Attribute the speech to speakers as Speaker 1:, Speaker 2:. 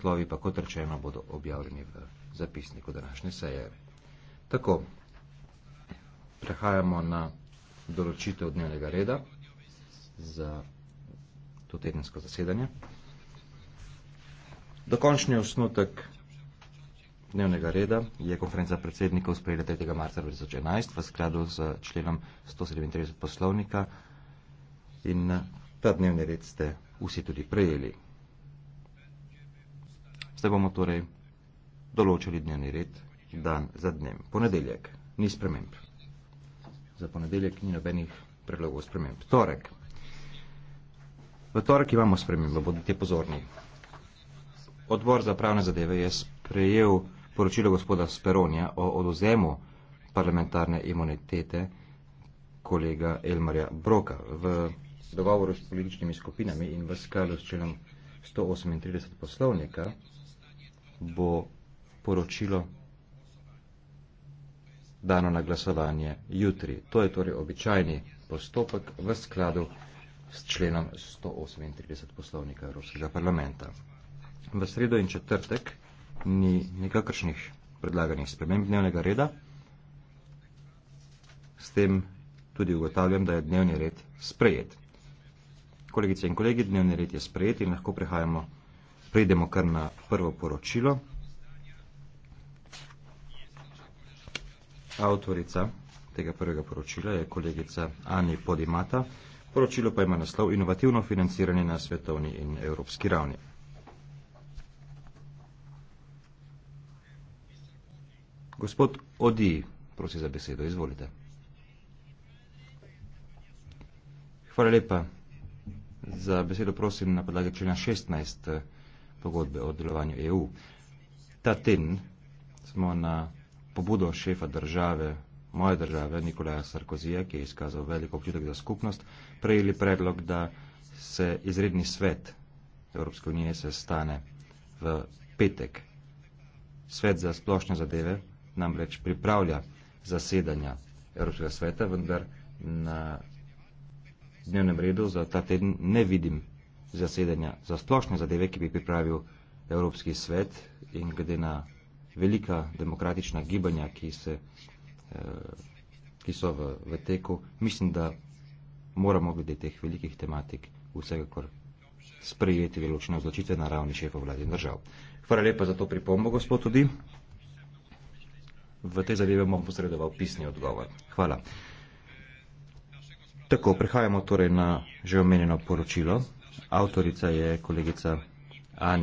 Speaker 1: slovi pa kot rečeno bodo objavljeni v zapisniku današnje seje. Tako, prehajamo na določitev dnevnega reda za to tedensko zasedanje. Dokončni osnutek dnevnega reda je konferenca predsednikov sprejela 3. marca 2011 v skladu z členom 137 poslovnika in ta dnevni red ste vsi tudi prejeli se bomo torej določili dnevni red, dan za dnem. Ponedeljek, ni sprememb. Za ponedeljek ni nobenih predlogov sprememb. Torek. V torek imamo spremembo, bodite pozorni. Odbor za pravne zadeve je sprejel poročilo gospoda Speronja o odozemu parlamentarne imunitete kolega Elmarja Broka. V dogovoru s političnimi skupinami in v skalu s členom 138 poslovnika bo poročilo dano na glasovanje jutri. To je torej običajni postopek v skladu s členom 138 poslovnika Evropskega parlamenta. V sredo in četrtek ni nikakršnih predlaganih sprememb dnevnega reda. S tem tudi ugotavljam, da je dnevni red sprejet. Kolegice in kolegi, dnevni red je sprejet in lahko prehajamo Pridemo kar na prvo poročilo. Avtorica tega prvega poročila je kolegica Ani Podimata. Poročilo pa ima naslov Inovativno financiranje na svetovni in evropski ravni. Gospod Odi, prosi za besedo, izvolite. Hvala lepa. Za besedo prosim na podlagi člena 16 pogodbe o delovanju EU. Ta teden smo na pobudo šefa države, moje države, Nikolaja Sarkozija, ki je izkazal veliko občutek za skupnost, prejeli predlog, da se izredni svet Evropske unije se stane v petek. Svet za splošne zadeve namreč pripravlja zasedanja Evropskega sveta, vendar na dnevnem redu za ta teden ne vidim zasedanja za splošne zadeve, ki bi pripravil Evropski svet in glede na velika demokratična gibanja, ki, se, eh, ki so v, v teku, mislim, da moramo glede teh velikih tematik vsekakor sprejeti veločne odločitve na ravni šefov vladi in držav. Hvala lepa za to pripombo, gospod tudi. V te zadeve bom posredoval pisni odgovor. Hvala. Tako, prehajamo torej na že omenjeno poročilo. Avtorica je kolegica Ani.